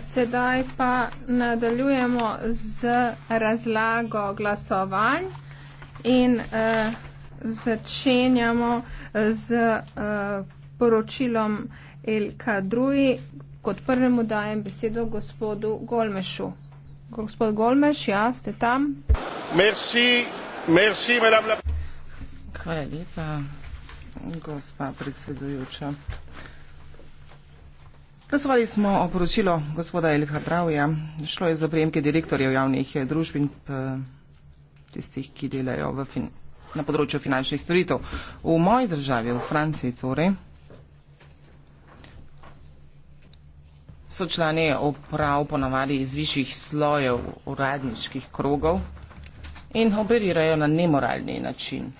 Sedaj pa nadaljujemo z razlago glasovanj in uh, začenjamo z uh, poročilom Elka Drugi. Kot prvemu dajem besedo gospodu Golmešu. Gospod Golmeš, ja, ste tam? Merci, merci, madame la... Hvala lepa, gospa predsedujoča. Glasovali smo o poročilo gospoda Elka Dravja. Šlo je za prejemke direktorjev javnih eh, družb in eh, tistih, ki delajo v fin na področju finančnih storitev. V moji državi, v Franciji torej, so člani oprav ponavadi iz višjih slojev uradniških krogov in operirajo na nemoralni način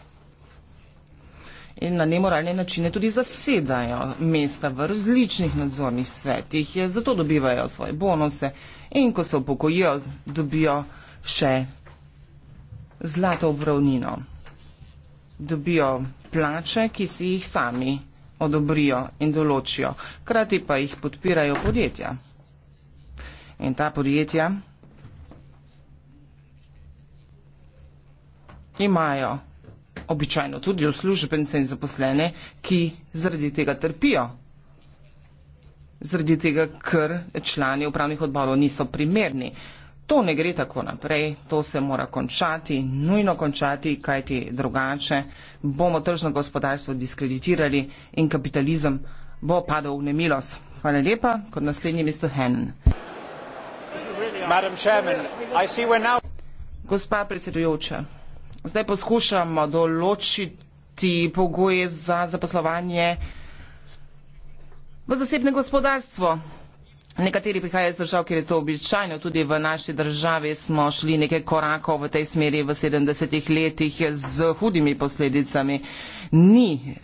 in na nemoralne načine tudi zasedajo mesta v različnih nadzornih svetih, zato dobivajo svoje bonuse in ko se upokojijo, dobijo še zlato obravnino. Dobijo plače, ki si jih sami odobrijo in določijo, krati pa jih podpirajo podjetja. In ta podjetja imajo običajno tudi uslužbence in zaposlene, ki zaradi tega trpijo. Zaradi tega, ker člani upravnih odborov niso primerni. To ne gre tako naprej, to se mora končati, nujno končati, kajti drugače bomo tržno gospodarstvo diskreditirali in kapitalizem bo padel v nemilost. Hvala lepa, kot naslednji Mr. Hennen. Gospa predsedujoča zdaj poskušamo določiti pogoje za zaposlovanje v zasebne gospodarstvo. Nekateri prihajajo iz držav, kjer je to običajno, tudi v naši državi smo šli nekaj korakov v tej smeri v 70-ih letih z hudimi posledicami. Ni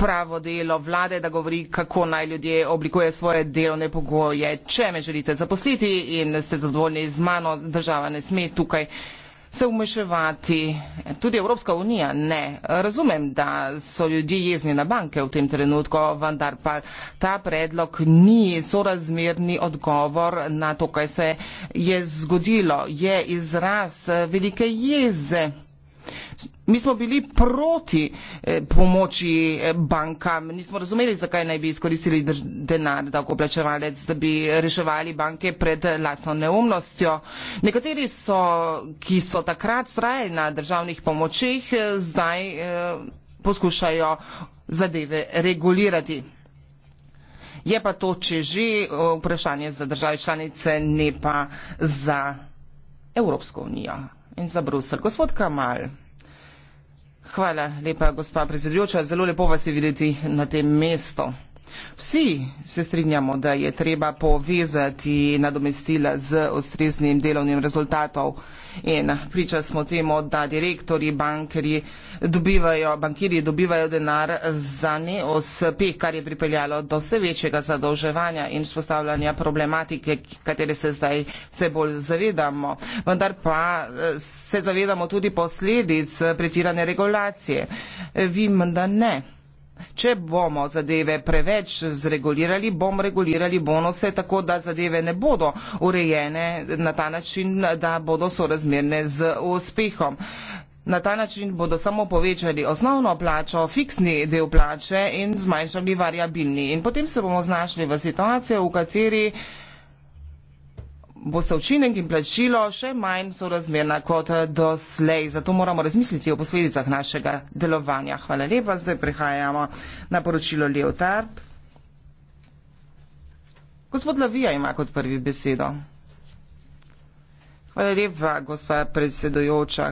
pravo delo vlade, da govori, kako naj ljudje oblikuje svoje delovne pogoje. Če me želite zaposliti in ste zadovoljni z mano, država ne sme tukaj se umeševati. Tudi Evropska unija ne. Razumem, da so ljudje jezni na banke v tem trenutku, vendar pa ta predlog ni sorazmerni odgovor na to, kaj se je zgodilo. Je izraz velike jeze. Mi smo bili proti eh, pomoči eh, bankam, nismo razumeli, zakaj naj bi izkoristili denar, da okoplačevalec, da bi reševali banke pred eh, lastno neumnostjo. Nekateri so, ki so takrat trajali na državnih pomočih, eh, zdaj eh, poskušajo zadeve regulirati. Je pa to, če že, eh, vprašanje za države članice, ne pa za Evropsko unijo in za Brusel. Gospod Kamal, hvala lepa, gospa predsedujoča, zelo lepo vas je videti na tem mestu. Vsi se strinjamo, da je treba povezati nadomestila z ustreznim delovnim rezultatom in priča smo temu, da direktori, bankerji dobivajo, bankirji dobivajo denar za neospeh, kar je pripeljalo do vse večjega zadolževanja in spostavljanja problematike, katere se zdaj vse bolj zavedamo. Vendar pa eh, se zavedamo tudi posledic pretirane regulacije. Vim, da ne. Če bomo zadeve preveč zregulirali, bom regulirali bonuse tako, da zadeve ne bodo urejene na ta način, da bodo sorazmerne z uspehom. Na ta način bodo samo povečali osnovno plačo, fiksni del plače in zmanjšali variabilni. In potem se bomo znašli v situaciji, v kateri uh, bosta učinek in plačilo še manj sorazmerna kot eh, doslej. Zato moramo razmisliti o posledicah našega delovanja. Hvala lepa, zdaj prihajamo na poročilo Leotard. Gospod Lavija ima kot prvi besedo. Hvala lepa, gospa predsedojoča.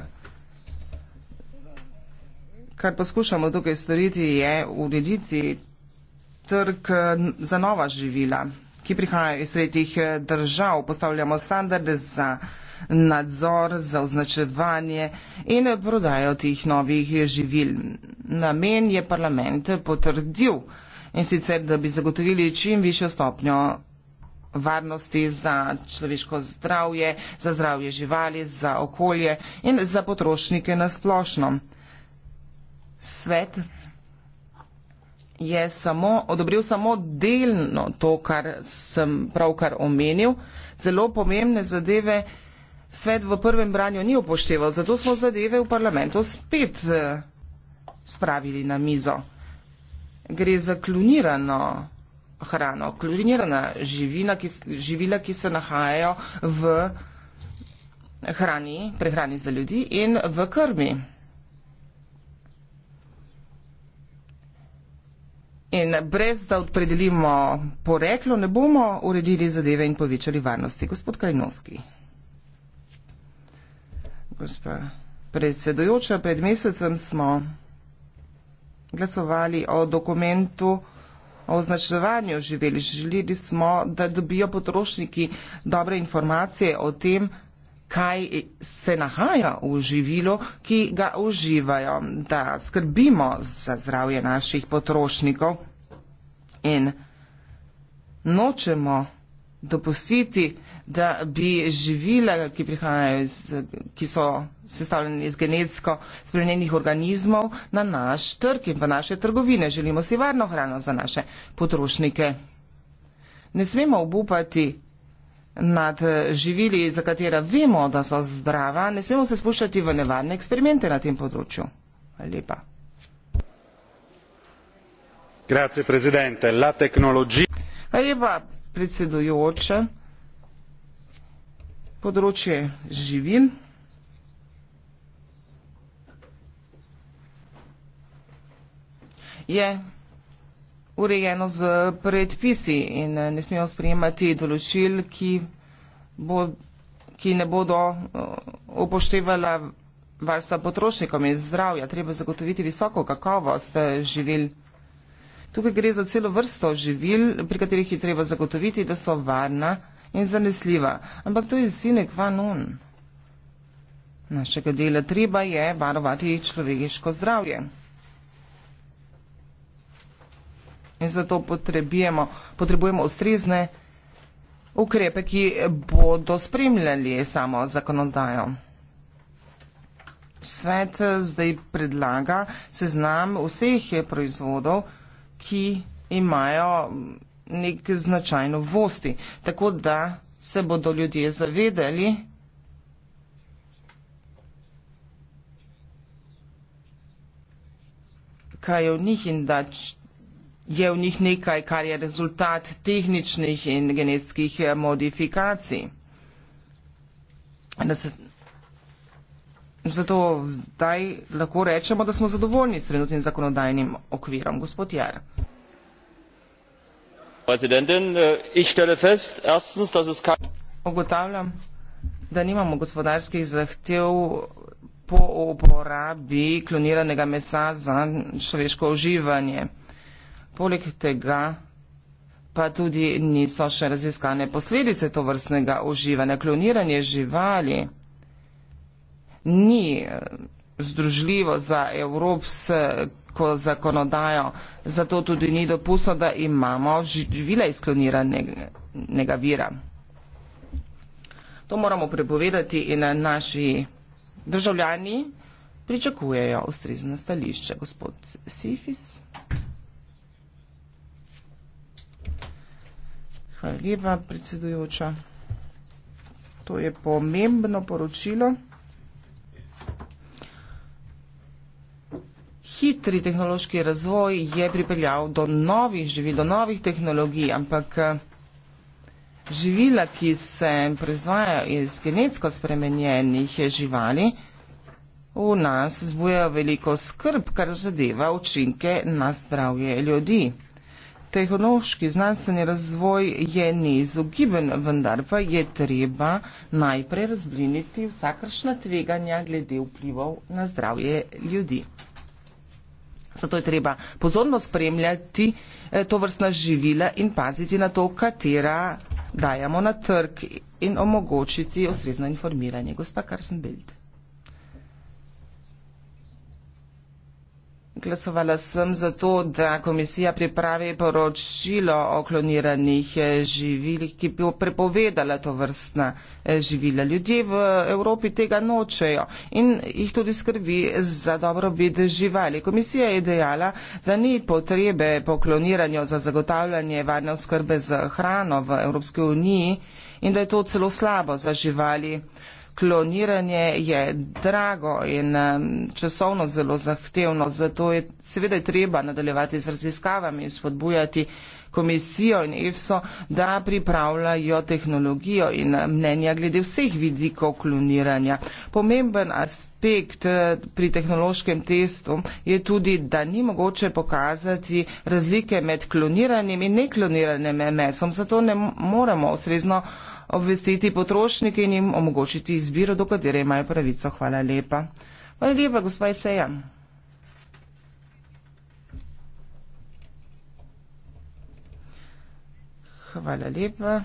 Kar poskušamo tukaj storiti je urediti trg eh, za nova živila ki prihajajo iz tretjih eh, držav. Postavljamo standarde za nadzor, za označevanje in prodajo tih novih živil. Namen je parlament potrdil in sicer, da bi zagotovili čim višjo stopnjo varnosti za človeško zdravje, za zdravje živali, za okolje in za potrošnike na splošno. Svet je samo, odobril samo delno to, kar sem pravkar omenil. Zelo pomembne zadeve svet v prvem branju ni upošteval, zato smo zadeve v parlamentu spet eh, spravili na mizo. Gre za klonirano hrano, klonirana živina, ki, živila, ki se nahajajo v hrani, prehrani za ljudi in v krmi. In brez, da odpredelimo poreklo, ne bomo uredili zadeve in povečali varnosti. Gospod Kalinovski. Gospa predsedojoča, pred mesecem smo glasovali o dokumentu o označevanju živeli. Želeli smo, da dobijo potrošniki dobre informacije o tem, kaj se nahaja v živilu, ki ga uživajo, da skrbimo za zdravje naših potrošnikov in nočemo dopustiti, da bi živila, ki, iz, ki so sestavljene iz genetsko spremenjenih organizmov, na naš trg in pa naše trgovine. Želimo si varno hrano za naše potrošnike. Ne smemo obupati nad eh, živili, za katera vemo, da so zdrava, ne smemo se spuščati v nevarne eksperimente na tem področju. Lepa. Grazie, presidente. La tecnologia... Lepa, predsedujoče. Področje živin. Je urejeno z predpisi in eh, ne smemo sprejemati določil, ki, bo, ki ne bodo eh, upoštevala varstva potrošnikom in zdravja. Treba zagotoviti visoko kakovost eh, živil. Tukaj gre za celo vrsto živil, pri katerih je treba zagotoviti, da so varna in zanesljiva. Ampak to je sinek vanun našega dela. Treba je varovati človeško zdravje. in zato potrebujemo, potrebujemo ustrezne ukrepe, ki bodo spremljali samo zakonodajo. Svet eh, zdaj predlaga seznam vseh eh, proizvodov, ki imajo mm, nek značaj novosti, tako da se bodo ljudje zavedali, kaj je v njih in da je v njih nekaj, kar je rezultat tehničnih in genetskih eh, modifikacij. Zato zdaj lahko rečemo, da smo zadovoljni s trenutnim zakonodajnim okvirom. Gospod Jar. Ogotavljam, eh, da nimamo gospodarskih zahtev po uporabi kloniranega mesa za človeško uživanje. Poleg tega pa tudi niso še raziskane posledice to vrstnega uživanja. Kloniranje živali ni eh, združljivo za evropsko zakonodajo, zato tudi ni dopustno, da imamo živila iz kloniranega vira. To moramo prepovedati in naši državljani pričakujejo ustrezne stališče. Gospod Sifis. Hvala lepa, predsedujoča. To je pomembno poročilo. Hitri tehnološki razvoj je pripeljal do novih živil, do novih tehnologij, ampak živila, ki se proizvajajo iz genetsko spremenjenih živali, v nas zbujajo veliko skrb, kar zadeva učinke na zdravje ljudi tehnološki znanstveni razvoj je neizogiben, vendar pa je treba najprej razbliniti vsakršna tveganja glede vplivov na zdravje ljudi. Zato je treba pozorno spremljati eh, to vrstna živila in paziti na to, katera dajamo na trg in omogočiti ustrezno informiranje. Gospa Karsenbild. Glasovala sem za to, da komisija pripravi poročilo o kloniranih eh, živilih, ki bi prepovedala to vrstna eh, živila. Ljudje v Evropi tega nočejo in jih tudi skrbi za dobrobit živali. Komisija je dejala, da ni potrebe po kloniranju za zagotavljanje varne oskrbe z hrano v Evropski uniji in da je to celo slabo za živali kloniranje je drago in um, časovno zelo zahtevno, zato je seveda treba nadaljevati z raziskavami in spodbujati komisijo in EFSO, da pripravljajo tehnologijo in um, mnenja glede vseh vidikov kloniranja. Pomemben aspekt uh, pri tehnološkem testu je tudi, da ni mogoče pokazati razlike med kloniranim in nekloniranim mesom, zato ne moremo osrezno obvestiti potrošnike in jim omogočiti izbiro, do katere imajo pravico. Hvala lepa. Hvala lepa, gospa Iseja. Hvala lepa.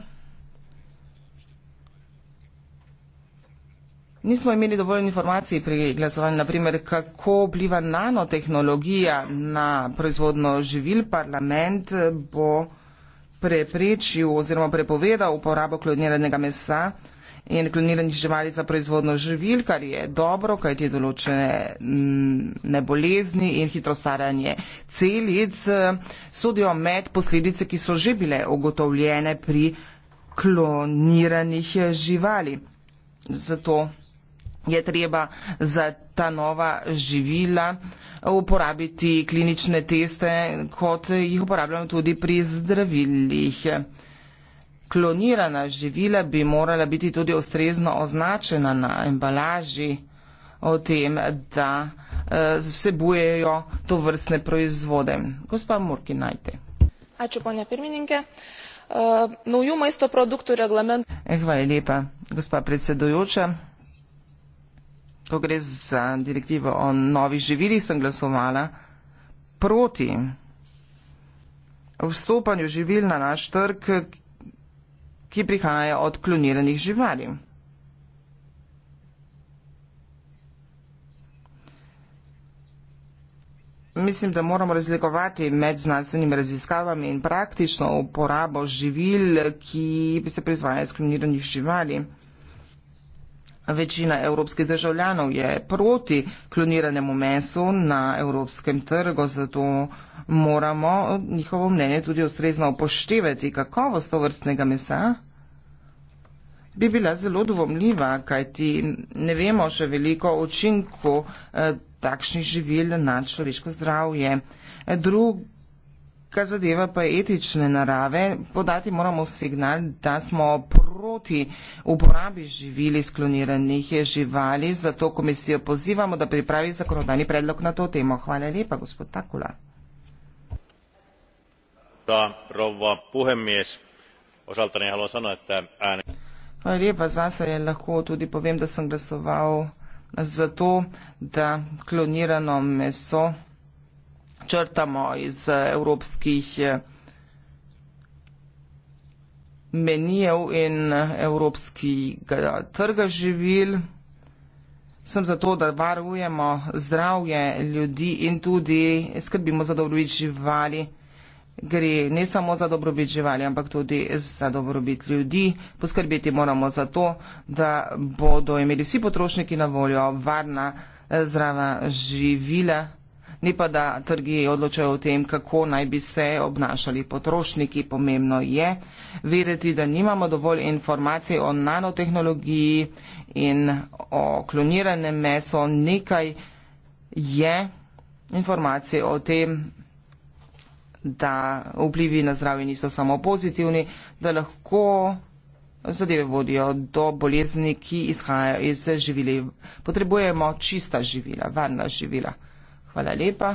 Nismo imeli dovolj informacij pri glasovanju, naprimer, kako vpliva nanotehnologija na proizvodno živil. Parlament bo preprečil oziroma prepovedal uporabo kloniranega mesa in kloniranih živali za proizvodno živil, kar je dobro, kaj ti določene mm, nebolezni in hitro staranje celic, eh, sodijo med posledice, ki so že bile ugotovljene pri kloniranih eh, živali. Zato je treba za ta nova živila uporabiti klinične teste, kot jih uporabljamo tudi pri zdravilih. Klonirana živila bi morala biti tudi ustrezno označena na embalaži o tem, da eh, vsebujejo to vrstne proizvode. Gospa Murki, najte. Ačiū, ponia pirmininkė. Eh, naujų maisto produktų reglamentų. Eh, hvala lepa, gospa predsedujoča ko gre za direktivo o novih živilih, sem glasovala proti vstopanju živil na naš trg, ki prihaja od kloniranih živali. Mislim, da moramo razlikovati med znanstvenimi raziskavami in praktično uporabo živil, ki bi se proizvajali iz kloniranih živali. Večina evropskih državljanov je proti kloniranemu mesu na evropskem trgu, zato moramo njihovo mnenje tudi ustrezno upoštevati. Kakovost to vrstnega mesa bi bila zelo dvomljiva, kajti ne vemo še veliko učinku eh, takšnih živil na človeško zdravje. Drug, kar zadeva pa etične narave, podati moramo signal, da smo proti proti uporabi živili iz kloniranih živali. Zato komisijo pozivamo, da pripravi zakonodani predlog na to temo. Hvala lepa, gospod Takula. Hvala lepa, zase je lahko tudi povem, da sem glasoval za to, da klonirano meso črtamo iz evropskih. Eh, menijev in evropskega trga živil. Sem zato, da varujemo zdravje ljudi in tudi skrbimo za dobrobit živali. Gre ne samo za dobrobit živali, ampak tudi za dobrobit ljudi. Poskrbeti moramo za to, da bodo imeli vsi potrošniki na voljo varna, zdrava živila ne pa da trgi odločajo o tem, kako naj bi se obnašali potrošniki. Pomembno je vedeti, da nimamo dovolj informacij o nanotehnologiji in o kloniranem meso. Nekaj je informacij o tem, da vplivi na zdravje niso samo pozitivni, da lahko zadeve vodijo do bolezni, ki izhajajo iz živili. Potrebujemo čista živila, varna živila. Eh,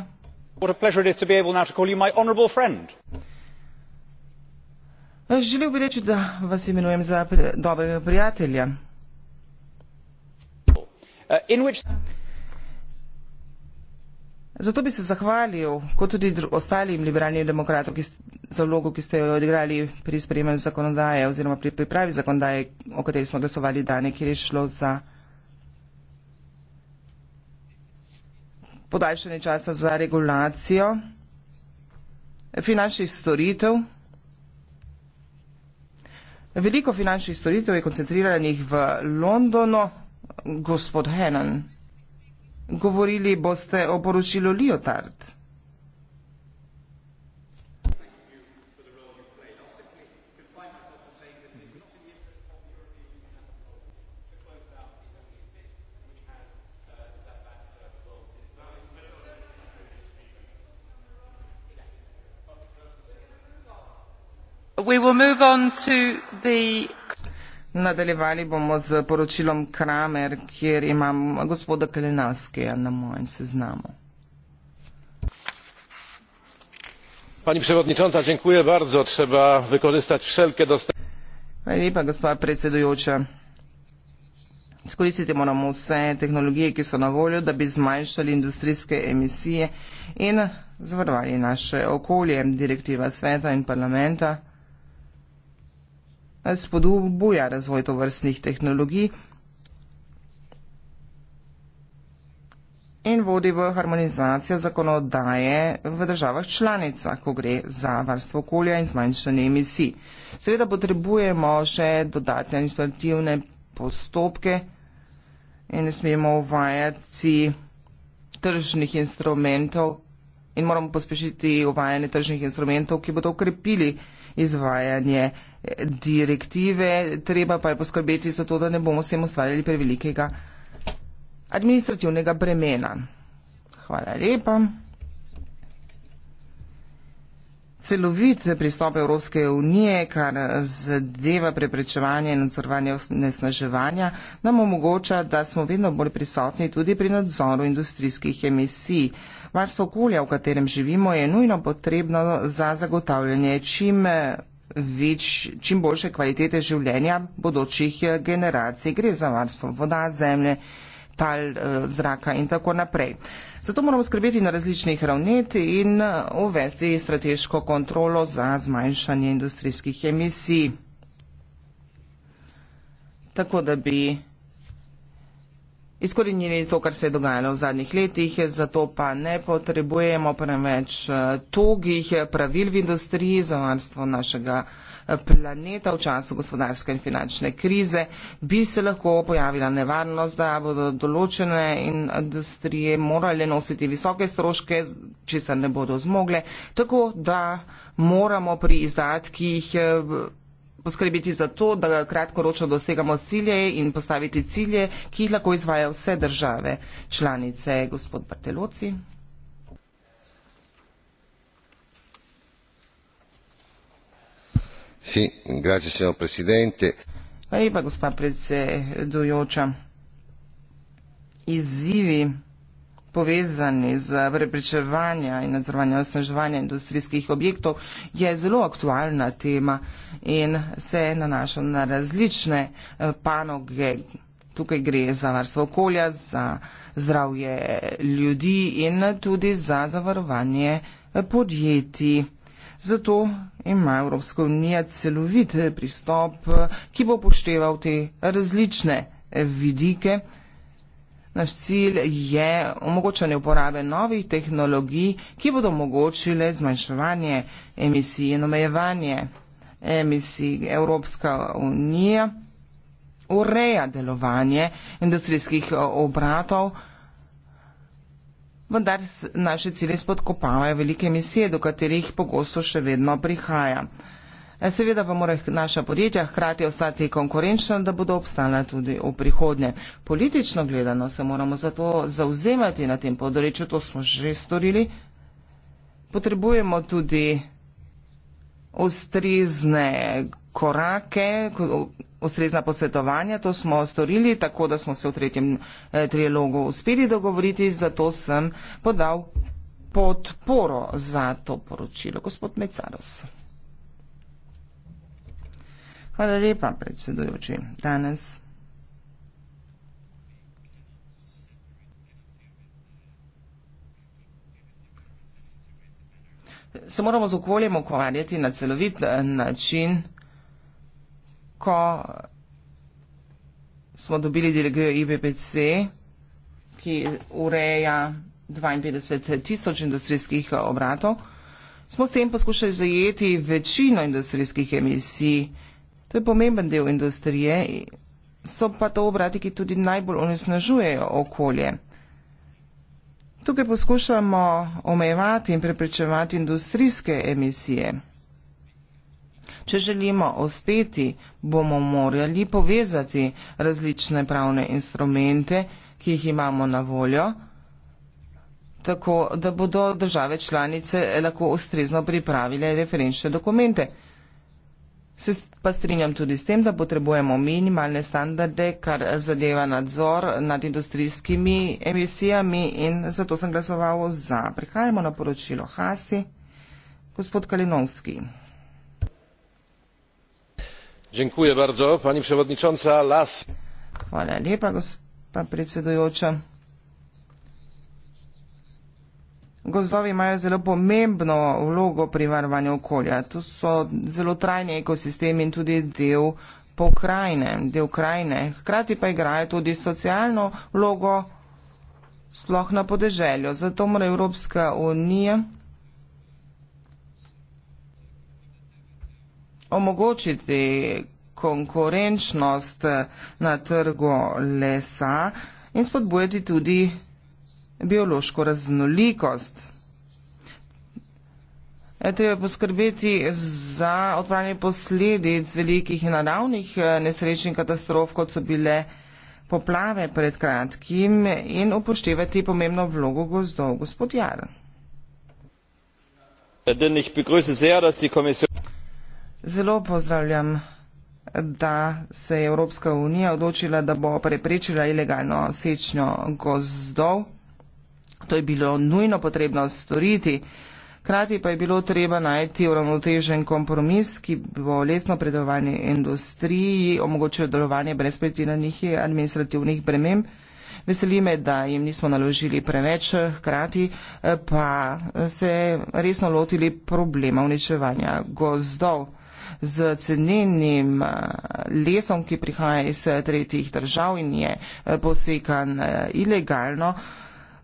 Želel bi reči, da vas imenujem za dobrega prijatelja. Eh, Zato bi se zahvalil, kot tudi ostalim liberalnim demokratom, za vlogo, ki ste jo odigrali pri spremenju zakonodaje oziroma pri pripravi zakonodaje, o kateri smo glasovali danes, kjer je šlo za. podaljšanje časa za regulacijo finančnih storitev. Veliko finančnih storitev je koncentriranih v Londonu, gospod Henan. Govorili boste o poročilu Liotard. Nadaljevali bomo z poročilom Kramer, kjer imam gospoda Kalinaskeja na mojem seznamu. Pani predsednica, dziękuję bardzo. Treba wykorzystać wszelkie dostępne. Hvala lepa, gospa predsedujoča. Skoristiti moramo vse tehnologije, ki so na voljo, da bi zmanjšali industrijske emisije in zavarovali naše okolje. Direktiva sveta in parlamenta spodbuja razvoj tovrstnih tehnologij in vodi v harmonizacijo zakonodaje v državah članicah, ko gre za varstvo okolja in zmanjšanje emisij. Seveda potrebujemo še dodatne administrativne postopke in ne smemo uvajati tržnih instrumentov in moramo pospešiti uvajanje tržnih instrumentov, ki bodo ukrepili izvajanje direktive, treba pa je poskrbeti za to, da ne bomo s tem ustvarjali prevelikega administrativnega bremena. Hvala lepa. Celovit pristop Evropske unije, kar zadeva preprečevanje in nadzorovanje nesnaževanja, nam omogoča, da smo vedno bolj prisotni tudi pri nadzoru industrijskih emisij. Varstvo okolja, v katerem živimo, je nujno potrebno za zagotavljanje čim več, čim boljše kvalitete življenja bodočih eh, generacij. Gre za varstvo voda, zemlje, tal, eh, zraka in tako naprej. Zato moramo skrbeti na različnih ravnet in eh, uvesti strateško kontrolo za zmanjšanje industrijskih emisij. Tako da bi izkorenili to, kar se je dogajalo v zadnjih letih, zato pa ne potrebujemo preveč eh, togih pravil v industriji za varstvo našega eh, planeta v času gospodarske in finančne krize. Bi se lahko pojavila nevarnost, da bodo določene industrije morale nositi visoke stroške, če se ne bodo zmogle, tako da moramo pri izdatkih eh, poskrbeti za to, da kratkoročno dosegamo cilje in postaviti cilje, ki jih lahko izvaja vse države članice. Gospod Barteloci. Sì, grazie signor Presidente. Arriva, gospa predsedujoča. Izzivi povezani z preprečevanja in nadzorovanja osnaževanja industrijskih objektov, je zelo aktualna tema in se nanaša na različne eh, panoge. Tukaj gre za varstvo okolja, za zdravje ljudi in tudi za zavarovanje eh, podjetij. Zato ima Evropska unija celovit eh, pristop, ki bo pošteval te različne vidike Naš cilj je omogočanje uporabe novih tehnologij, ki bodo omogočile zmanjševanje emisij in omejevanje emisij Evropska unija ureja delovanje industrijskih obratov, vendar naše cilje spodkopavajo velike emisije, do katerih pogosto še vedno prihaja. Seveda pa mora naša podjetja hkrati ostati konkurenčna, da bodo obstala tudi v prihodnje. Politično gledano se moramo zato zauzemati na tem področju, to smo že storili. Potrebujemo tudi ustrezne korake, ustrezna posvetovanja, to smo storili, tako da smo se v tretjem eh, trilogu uspeli dogovoriti, zato sem podal podporo za to poročilo. Gospod Mecaros. Hvala lepa, predsedujoči. Danes. Se moramo z okoljem ukvarjati na celovit eh, način, ko smo dobili delegijo IBPC, ki ureja 52 tisoč industrijskih eh, obratov, smo s tem poskušali zajeti večino industrijskih emisij To je pomemben del industrije, so pa to obrati, ki tudi najbolj onesnažujejo okolje. Tukaj poskušamo omejevati in preprečevati industrijske emisije. Če želimo uspeti, bomo morali povezati različne pravne instrumente, ki jih imamo na voljo, tako da bodo države članice lahko ustrezno pripravile referenčne dokumente. Se pa strinjam tudi s tem, da potrebujemo minimalne standarde, kar zadeva nadzor nad industrijskimi emisijami in zato sem glasoval za. Prihajamo na poročilo Hasi. Gospod Kalinovski. Dziękuję bardzo, pani przewodnicząca. Las. Hvala lepa, gospa predsedujoča. Gozdovi imajo zelo pomembno vlogo pri varovanju okolja. To so zelo trajni ekosistemi in tudi del pokrajine, del krajine. Hkrati pa igrajo tudi socialno vlogo, sploh na podeželju. Zato mora Evropska unija omogočiti konkurenčnost na trgu lesa in spodbujati tudi biološko raznolikost. E, treba poskrbeti za odpravljanje posledic velikih naravnih e, nesrečnih katastrof, kot so bile poplave pred kratkim in upoštevati pomembno vlogo gozdov. Gospod Jar. Zelo pozdravljam, da se je Evropska unija odločila, da bo preprečila ilegalno sečnjo gozdov. To je bilo nujno potrebno storiti. Krati pa je bilo treba najti uravnotežen kompromis, ki bo lesno predovanje industriji omogočil delovanje brez pretiranih administrativnih bremen. Veseli me, da jim nismo naložili preveč, hkrati eh, pa se resno lotili problema uničevanja gozdov. Z cenenim eh, lesom, ki prihaja iz tretjih držav in je eh, posekan ilegalno,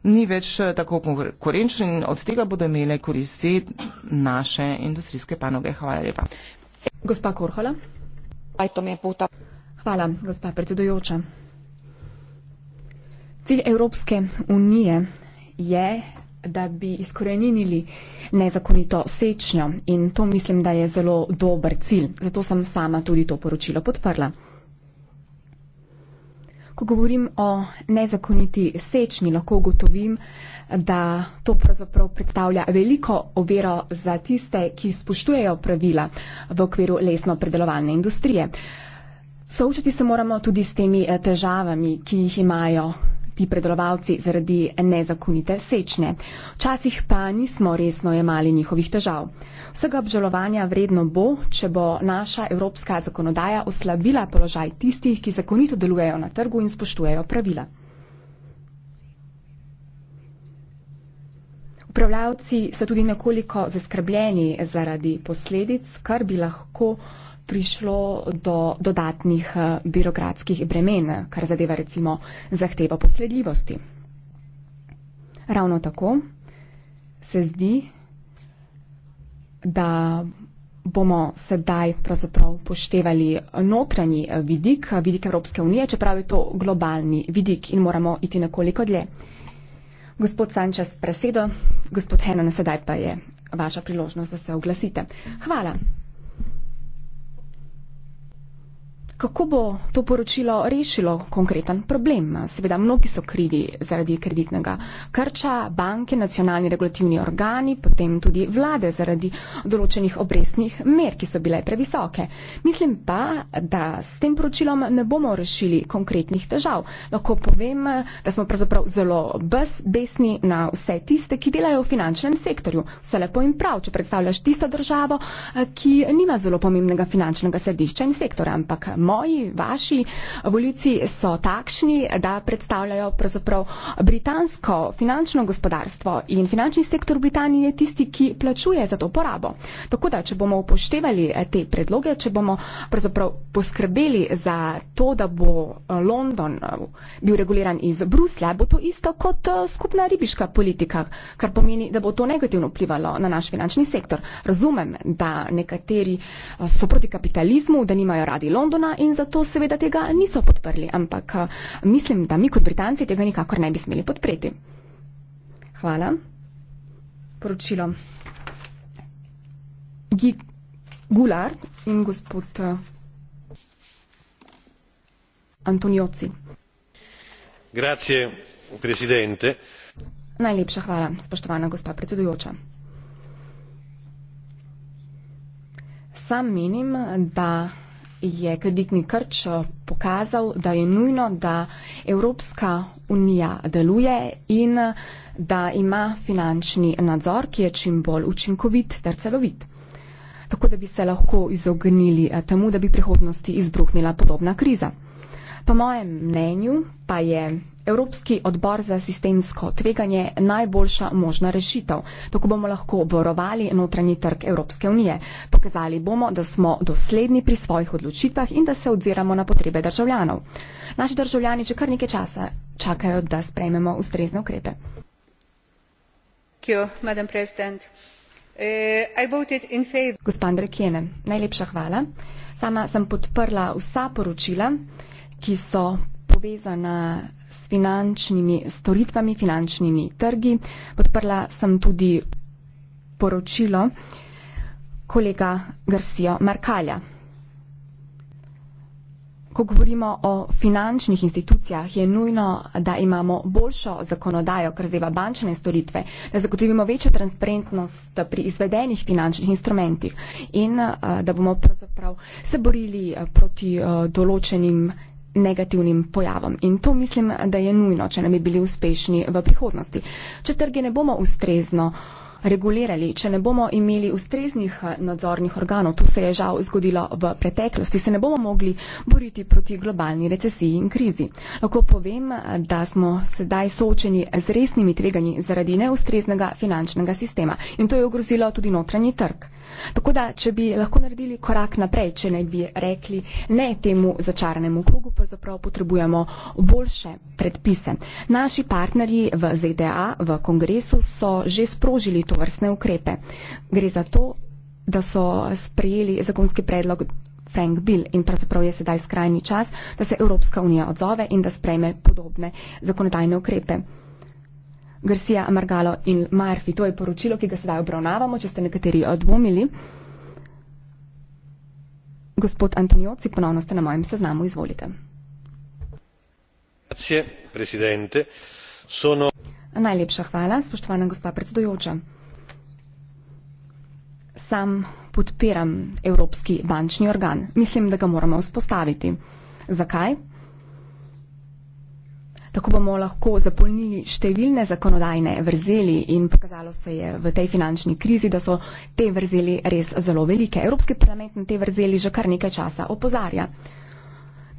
ni več eh, tako konkurenčen in od tega bodo imele koristi naše industrijske panoge. Hvala lepa. Gospa Korhola. Hvala, gospa predsedujoča. Cilj Evropske unije je, da bi izkorenili nezakonito sečnjo in to mislim, da je zelo dober cilj. Zato sem sama tudi to poročilo podprla. Ko govorim o nezakoniti sečni, lahko ugotovim, da to pravzaprav predstavlja veliko overo za tiste, ki spoštujejo pravila v okviru lesno-predelovalne industrije. Soočati se moramo tudi s temi eh, težavami, ki jih imajo ti predelovalci zaradi nezakonite sečne. Včasih pa nismo resno jemali njihovih težav. Vsega obžalovanja vredno bo, če bo naša evropska zakonodaja oslabila položaj tistih, ki zakonito delujejo na trgu in spoštujejo pravila. Upravljavci so tudi nekoliko zaskrbljeni zaradi posledic, kar bi lahko prišlo do dodatnih eh, birokratskih bremen, kar zadeva recimo zahtevo posledljivosti. Ravno tako se zdi, da bomo sedaj pravzaprav poštevali notranji eh, vidik, vidik Evropske unije, čeprav je to globalni vidik in moramo iti nekoliko dlje. Gospod Sančes, presedo, gospod Henan, sedaj pa je vaša priložnost, da se oglasite. Hvala. Kako bo to poročilo rešilo konkreten problem? Seveda, mnogi so krivi zaradi kreditnega krča, banke, nacionalni regulativni organi, potem tudi vlade zaradi določenih obrestnih mer, ki so bile previsoke. Mislim pa, da s tem poročilom ne bomo rešili konkretnih težav. Lahko povem, da smo pravzaprav zelo besni na vse tiste, ki delajo v finančnem sektorju. Vse lepo in prav, če predstavljaš tisto državo, ki nima zelo pomembnega finančnega središča in sektora, ampak moji, vaši volivci so takšni, da predstavljajo pravzaprav britansko finančno gospodarstvo in finančni sektor v Britaniji je tisti, ki plačuje za to porabo. Tako da, če bomo upoštevali eh, te predloge, če bomo pravzaprav poskrbeli za to, da bo eh, London eh, bil reguliran iz Bruslja, bo to isto kot skupna ribiška politika, kar pomeni, da bo to negativno vplivalo na naš finančni sektor. Razumem, da nekateri so proti kapitalizmu, da nimajo radi Londona in zato seveda tega niso podprli. Ampak eh, mislim, da mi kot Britanci tega nikakor ne bi smeli podpreti. Hvala. Poročilo. Gular in gospod eh, Antonioci. Grazie, presidente. Najlepša hvala, spoštovana gospa predsedujoča. Sam menim, da je kreditni krč eh, pokazal, da je nujno, da Evropska unija deluje in eh, da ima finančni nadzor, ki je čim bolj učinkovit ter celovit. Tako da bi se lahko izognili eh, temu, da bi prihodnosti izbruhnila podobna kriza. Po mojem mnenju pa je Evropski odbor za sistemsko tveganje najboljša možna rešitev. Tako bomo lahko obvarovali notranji trg Evropske unije. Pokazali bomo, da smo dosledni pri svojih odločitvah in da se odziramo na potrebe državljanov. Naši državljani že kar nekaj časa čakajo, da sprejmemo ustrezne ukrepe. Eh, Gospa Andrekjene, najlepša hvala. Sama sem podprla vsa poročila, ki so povezana s finančnimi storitvami, finančnimi trgi. Podprla sem tudi poročilo kolega Garcia Markalja. Ko govorimo o finančnih institucijah, je nujno, da imamo boljšo zakonodajo, kar zdeva bančne storitve, da zagotovimo večjo transparentnost pri izvedenih finančnih instrumentih in eh, da bomo pravzaprav se borili eh, proti eh, določenim negativnim pojavom. In to mislim, da je nujno, če ne bi bili uspešni v prihodnosti. Če trge ne bomo ustrezno regulirali, če ne bomo imeli ustreznih eh, nadzornih organov, to se je žal zgodilo v preteklosti, se ne bomo mogli boriti proti globalni recesiji in krizi. Lahko povem, eh, da smo sedaj soočeni z resnimi tveganji zaradi neustreznega finančnega sistema in to je ogrozilo tudi notranji trg. Tako da, če bi lahko naredili korak naprej, če ne bi rekli ne temu začaranemu krogu, pa zapravo potrebujemo boljše predpise. Naši partnerji v ZDA v kongresu so že sprožili to vrstne ukrepe. Gre za to, da so sprejeli zakonski predlog Frank Bill in pravzaprav je sedaj skrajni čas, da se Evropska unija odzove in da sprejme podobne zakonodajne ukrepe. Garcia, Amargalo in Marfi, to je poročilo, ki ga sedaj obravnavamo, če ste nekateri odvomili. Gospod Antonioci, ponovno ste na mojem seznamu, izvolite. Najlepša hvala, spoštovana gospa predsedujoča sam podpiram Evropski bančni organ. Mislim, da ga moramo vzpostaviti. Zakaj? Tako bomo lahko zapolnili številne zakonodajne vrzeli in pokazalo se je v tej finančni krizi, da so te vrzeli res zelo velike. Evropski parlament na te vrzeli že kar nekaj časa opozarja.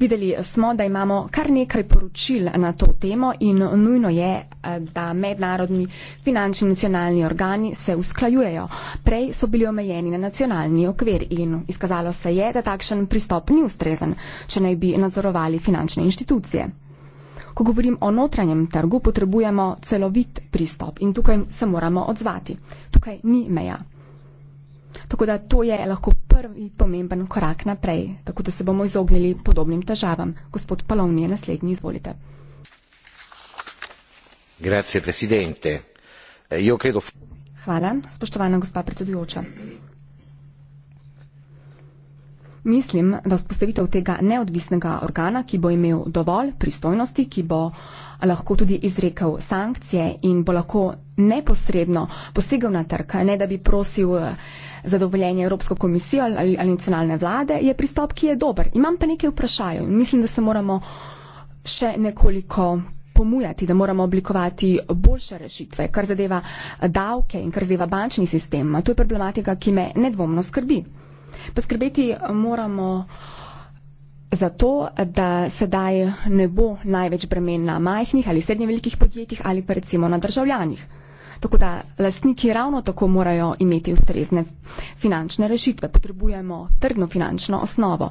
Videli smo, da imamo kar nekaj poročil na to temo in nujno je, eh, da mednarodni finančni nacionalni organi se usklajujejo. Prej so bili omejeni na nacionalni okvir in izkazalo se je, da takšen pristop ni ustrezen, če naj bi nadzorovali finančne inštitucije. Ko govorim o notranjem trgu, potrebujemo celovit pristop in tukaj se moramo odzvati. Tukaj ni meja. Tako da to je lahko prvi pomemben korak naprej, tako da se bomo izognili podobnim težavam. Gospod Palovni je naslednji, izvolite. Eh, Hvala, spoštovana gospa predsedujoča. Mislim, da vzpostavitev tega neodvisnega organa, ki bo imel dovolj pristojnosti, ki bo lahko tudi izrekel sankcije in bo lahko neposredno posegel na trg, ne da bi prosil eh, zadovoljenje Evropsko komisijo ali, ali nacionalne vlade, je pristop, ki je dober. Imam pa nekaj vprašaj. Mislim, da se moramo še nekoliko pomujati, da moramo oblikovati boljše rešitve, kar zadeva davke in kar zadeva bančni sistem. To je problematika, ki me nedvomno skrbi. Poskrbeti moramo zato, da sedaj ne bo največ bremen na majhnih ali srednje velikih podjetjih ali pa recimo na državljanih. Tako da lastniki ravno tako morajo imeti ustrezne finančne rešitve. Potrebujemo trdno finančno osnovo.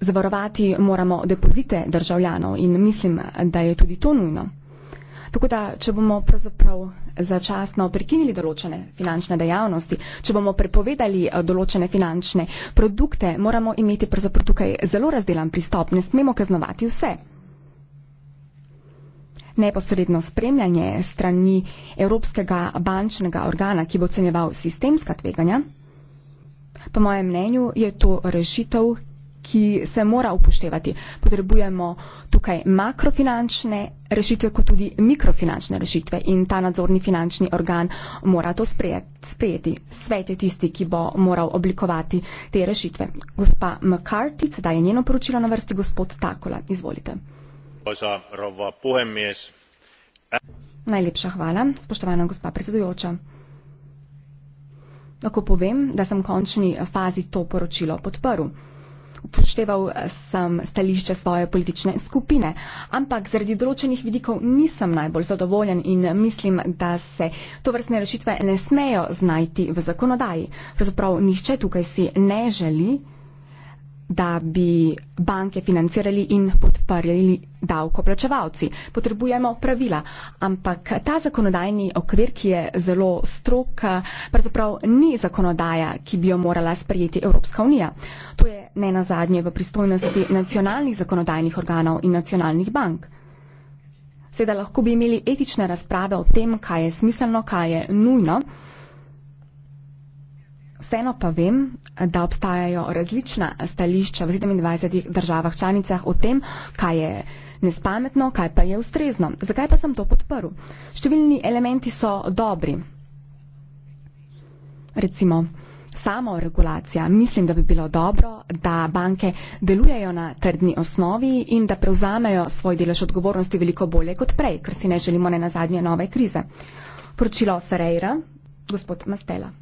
Zavarovati moramo depozite državljanov in mislim, da je tudi to nujno. Tako da, če bomo pravzaprav začasno prekinili določene finančne dejavnosti, če bomo prepovedali eh, določene finančne produkte, moramo imeti pravzaprav tukaj zelo razdelan pristop. Ne smemo kaznovati vse neposredno spremljanje strani Evropskega bančnega organa, ki bo ocenjeval sistemska tveganja, po mojem mnenju je to rešitev, ki se mora upoštevati. Potrebujemo tukaj makrofinančne rešitve, kot tudi mikrofinančne rešitve in ta nadzorni finančni organ mora to sprejeti. Svet je tisti, ki bo moral oblikovati te rešitve. Gospa McCarthy, sedaj je njeno poročilo na vrsti, gospod Takola, izvolite. Najlepša hvala, spoštovana gospa predsedujoča. Lahko povem, da sem v končni fazi to poročilo podprl. Upošteval sem stališče svoje politične skupine, ampak zaradi določenih vidikov nisem najbolj zadovoljen in mislim, da se tovrstne rešitve ne smejo znajti v zakonodaji. Pravzaprav nihče tukaj si ne želi, da bi banke financirali in podparjali davkoplačevalci. Potrebujemo pravila, ampak ta zakonodajni okvir, ki je zelo strok, pravzaprav ni zakonodaja, ki bi jo morala sprejeti Evropska unija. To je ne nazadnje v pristojnosti nacionalnih zakonodajnih organov in nacionalnih bank. Seveda lahko bi imeli etične razprave o tem, kaj je smiselno, kaj je nujno. Vseeno pa vem, da obstajajo različna stališča v 27 državah članicah o tem, kaj je nespametno, kaj pa je ustrezno. Zakaj pa sem to podprl? Številni elementi so dobri. Recimo, samo regulacija. Mislim, da bi bilo dobro, da banke delujejo na trdni osnovi in da prevzamejo svoj delež odgovornosti veliko bolje kot prej, ker si ne želimo ne na zadnje nove krize. Poročilo Ferreira, gospod Mastela.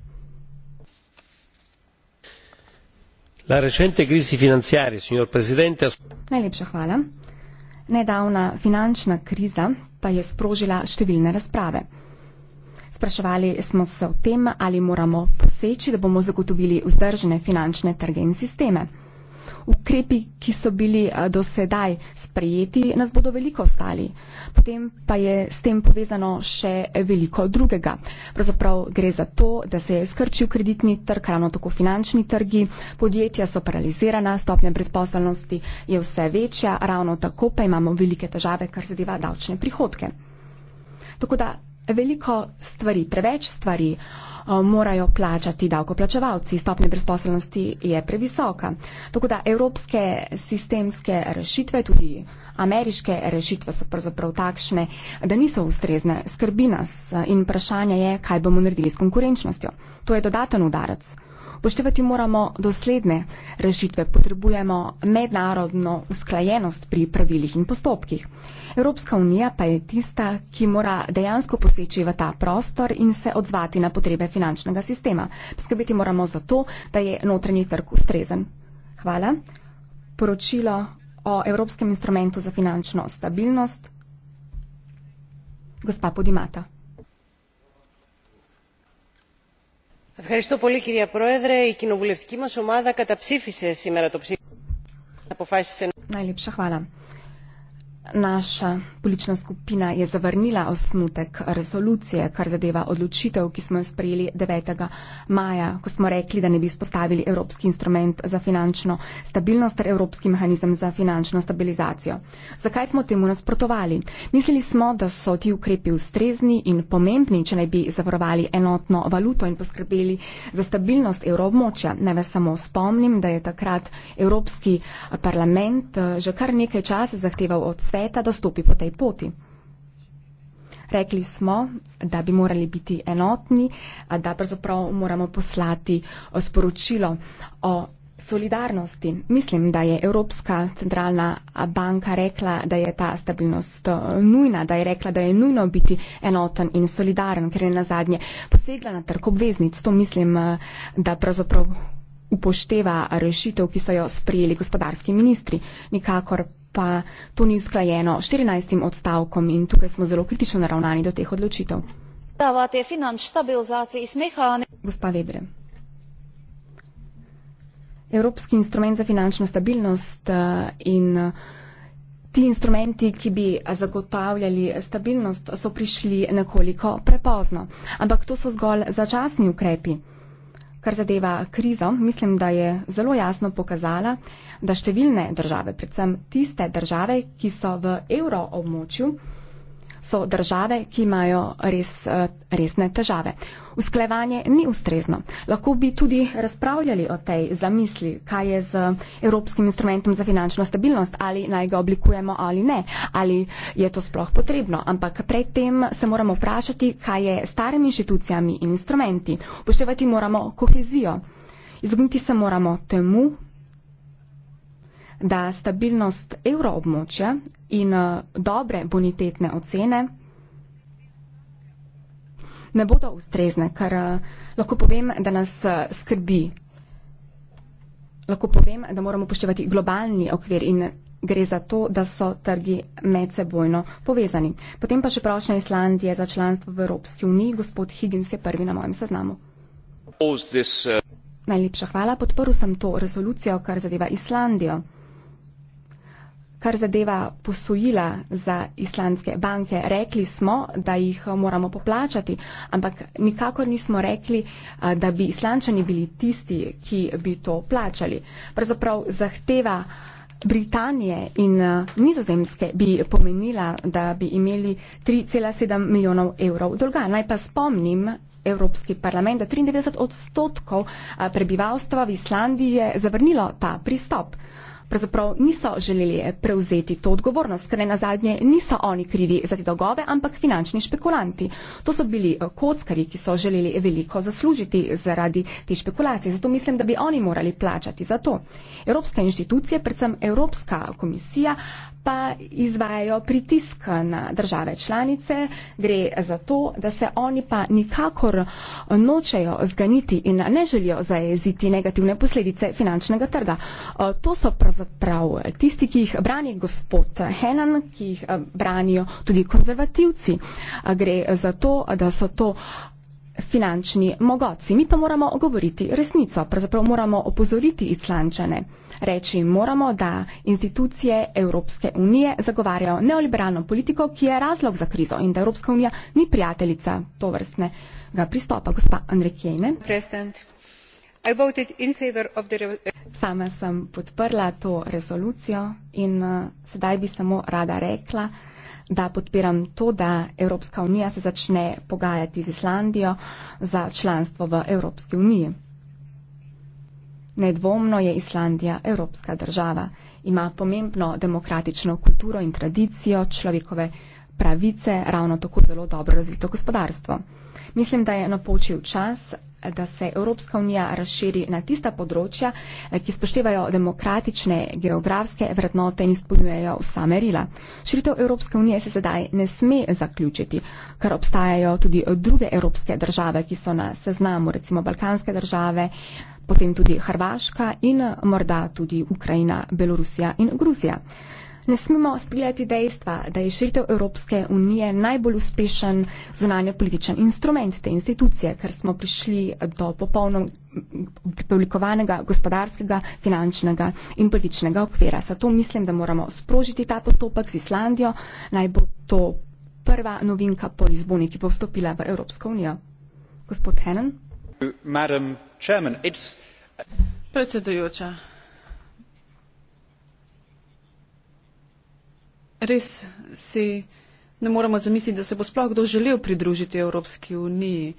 La recente crisi finanziaria, signor Presidente. Najlepša hvala. Nedavna finančna kriza pa je sprožila številne razprave. Spraševali smo se o tem, ali moramo poseči, da bomo zagotovili vzdržene finančne trge in sisteme ukrepi, ki so bili eh, do sedaj sprejeti, nas bodo veliko stali. Potem pa je s tem povezano še veliko drugega. Pravzaprav gre za to, da se je skrčil kreditni trg, ravno tako finančni trgi, podjetja so paralizirana, stopnja brezposelnosti je vse večja, ravno tako pa imamo velike težave, kar zadeva davčne prihodke. Tako da veliko stvari, preveč stvari eh, morajo plačati davkoplačevalci. Stopnja brezposelnosti je previsoka. Tako da evropske sistemske rešitve, tudi ameriške rešitve so pravzaprav takšne, da niso ustrezne. Skrbi nas eh, in vprašanje je, kaj bomo naredili s konkurenčnostjo. To je dodaten udarec. Poštevati moramo dosledne rešitve, potrebujemo mednarodno usklajenost pri pravilih in postopkih. Evropska unija pa je tista, ki mora dejansko poseči v ta prostor in se odzvati na potrebe finančnega sistema. Skrbeti moramo za to, da je notranji trg ustrezen. Hvala. Poročilo o Evropskem instrumentu za finančno stabilnost. Gospa Podimata. Ευχαριστώ πολύ κυρία Πρόεδρε. Η κοινοβουλευτική μας ομάδα καταψήφισε σήμερα το ψήφισμα. Αποφάσισε να... Naša politična skupina je zavrnila osnutek rezolucije, kar zadeva odločitev, ki smo jo sprejeli 9. maja, ko smo rekli, da ne bi spostavili Evropski instrument za finančno stabilnost ter Evropski mehanizem za finančno stabilizacijo. Zakaj smo temu nasprotovali? Mislili smo, da so ti ukrepi ustrezni in pomembni, če ne bi zavarovali enotno valuto in poskrbeli za stabilnost evroobmočja. Naj vas samo spomnim, da je takrat Evropski parlament eh, že kar nekaj časa zahteval od sveta, da stopi po tej poti. Rekli smo, da bi morali biti enotni, da pravzaprav moramo poslati sporočilo o solidarnosti. Mislim, da je Evropska centralna banka rekla, da je ta stabilnost nujna, da je rekla, da je nujno biti enoten in solidaren, ker je na zadnje posegla na trg obveznic. To mislim, da pravzaprav upošteva rešitev, ki so jo sprijeli gospodarski ministri. Nikakor pa to ni usklajeno s 14. odstavkom in tukaj smo zelo kritično naravnani do teh odločitev. Gospa Vedre. Evropski instrument za finančno stabilnost eh, in eh, ti instrumenti, ki bi zagotavljali stabilnost, so prišli nekoliko prepozno. Ampak to so zgolj začasni ukrepi. Kar zadeva krizo, mislim, da je zelo jasno pokazala, da številne države, predvsem tiste države, ki so v evroobmočju, so države, ki imajo res, eh, resne težave. Usklajevanje ni ustrezno. Lahko bi tudi razpravljali o tej zamisli, kaj je z Evropskim instrumentom za finančno stabilnost, ali naj ga oblikujemo ali ne, ali je to sploh potrebno. Ampak predtem se moramo vprašati, kaj je s starimi inštitucijami in instrumenti. Upoštevati moramo kohezijo. Izogniti se moramo temu, da stabilnost evroobmočja in eh, dobre bonitetne ocene ne bodo ustrezne, kar eh, lahko povem, da nas eh, skrbi. Lahko povem, da moramo upoštevati globalni okvir in gre za to, da so trgi medsebojno povezani. Potem pa še prošnja Islandije za članstvo v Evropski uniji. Gospod Higgins je prvi na mojem seznamu. This, uh... Najlepša hvala. Podporil sem to rezolucijo, kar zadeva Islandijo kar zadeva posojila za islandske banke. Rekli smo, da jih moramo poplačati, ampak nikakor nismo rekli, da bi islančani bili tisti, ki bi to plačali. Pravzaprav zahteva Britanije in nizozemske bi pomenila, da bi imeli 3,7 milijonov evrov dolga. Naj pa spomnim. Evropski parlament, da 93 odstotkov prebivalstva v Islandiji je zavrnilo ta pristop. Uh, pravzaprav niso želeli eh, prevzeti to odgovornost, ker na zadnje niso oni krivi za te dolgove, ampak finančni špekulanti. To so bili eh, kockari, ki so želeli veliko zaslužiti zaradi te špekulacije. Zato mislim, da bi oni morali plačati za to. Evropske inštitucije, predvsem Evropska komisija, pa izvajajo pritisk na države članice, gre za to, da se oni pa nikakor nočejo zganiti in ne želijo zajeziti negativne posledice finančnega trga. E, to so pravzaprav tisti, ki jih brani gospod Henan, ki jih e, branijo tudi konzervativci. E, gre za to, da so to finančni mogoci. Mi pa moramo govoriti resnico, pravzaprav moramo opozoriti islančane. Reči moramo, da institucije Evropske unije zagovarjajo neoliberalno politiko, ki je razlog za krizo in da Evropska unija ni prijateljica to vrstnega pristopa. Gospa Andrekejne. Sama sem podprla to rezolucijo in eh, sedaj bi samo rada rekla, da podpiram to, da Evropska unija se začne pogajati z Islandijo za članstvo v Evropski uniji. Nedvomno je Islandija evropska država. Ima pomembno demokratično kulturo in tradicijo človekove pravice, ravno tako zelo dobro razvito gospodarstvo. Mislim, da je napočil čas, da se Evropska unija razširi na tista področja, eh, ki spoštevajo demokratične geografske vrednote in izpolnjujejo vsa merila. Širitev Evropske unije se sedaj ne sme zaključiti, ker obstajajo tudi druge evropske države, ki so na seznamu, recimo balkanske države, potem tudi Hrvaška in morda tudi Ukrajina, Belorusija in Gruzija ne smemo spiljati dejstva, da je širitev Evropske unije najbolj uspešen zunanje političen instrument te institucije, ker smo prišli do popolno preoblikovanega gospodarskega, finančnega in političnega okvira. Zato mislim, da moramo sprožiti ta postopek z Islandijo, naj bo to prva novinka po Lizboni, ki bo vstopila v Evropsko unijo. Gospod Henen. Predsedujoča, res si ne moremo zamisliti, da se bo sploh kdo želel pridružiti Evropski uniji.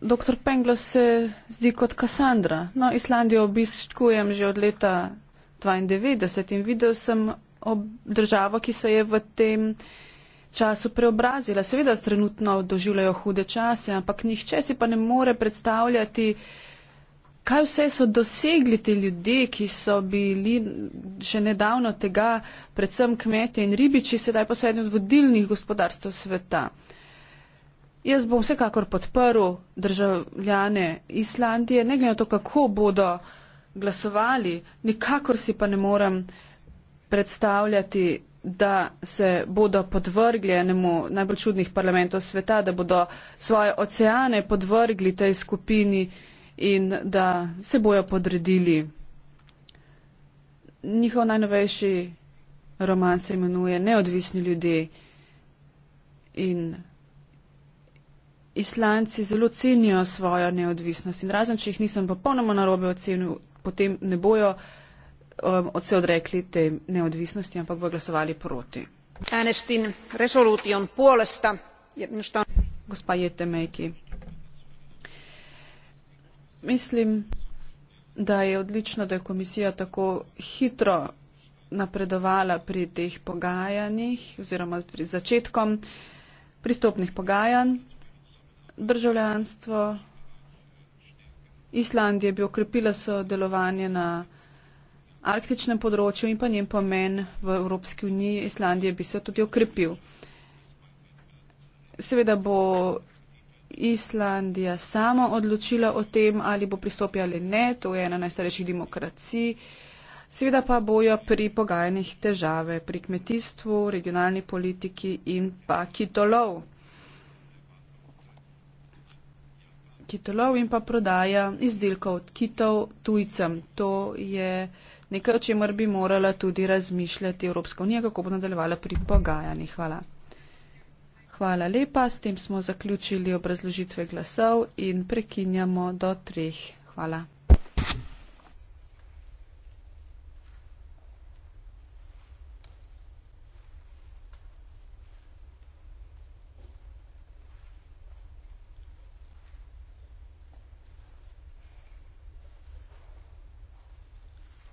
Doktor Penglo se zdi kot Kassandra. No, Islandijo obiskujem že od leta 92 in videl sem državo, ki se je v tem času preobrazila. Seveda trenutno doživljajo hude čase, ampak nihče si pa ne more predstavljati, kaj vse so dosegli te ljudje, ki so bili še nedavno tega, predvsem kmete in ribiči, sedaj pa so eden od vodilnih gospodarstv sveta. Jaz bom vsekakor podprl državljane Islandije, ne glede na to, kako bodo glasovali, nikakor si pa ne morem predstavljati, da se bodo podvrgli enemu najbolj čudnih parlamentov sveta, da bodo svoje oceane podvrgli tej skupini in da se bojo podredili. Njihov najnovejši roman se imenuje Neodvisni ljudje in Islanci zelo cenijo svojo neodvisnost in razen, če jih nisem popolnoma narobe ocenil, potem ne bojo um, od se odrekli te neodvisnosti, ampak bojo glasovali proti. Äänestin resoluution puolesta. Ja, minusta... Gospa Jette Meiki. Mislim, da je odlično, da je komisija tako hitro napredovala pri teh pogajanjih oziroma pri začetkom pristopnih pogajanj. Državljanstvo Islandije bi okrepila sodelovanje na arktičnem področju in pa njen pomen v Evropski uniji Islandije bi se tudi okrepil. Seveda bo Islandija samo odločila o tem, ali bo pristopila ali ne, to je ena najstarejših demokracij. Seveda pa bojo pri pogajanjih težave pri kmetijstvu, regionalni politiki in pa kitolov. Kitolov in pa prodaja izdelkov od kitov tujcem. To je nekaj, o čemer bi morala tudi razmišljati Evropska unija, kako bo nadaljevala pri pogajanjih. Hvala. Hvala lepa, s tem smo zaključili obrazložitve glasov in prekinjamo do treh. Hvala.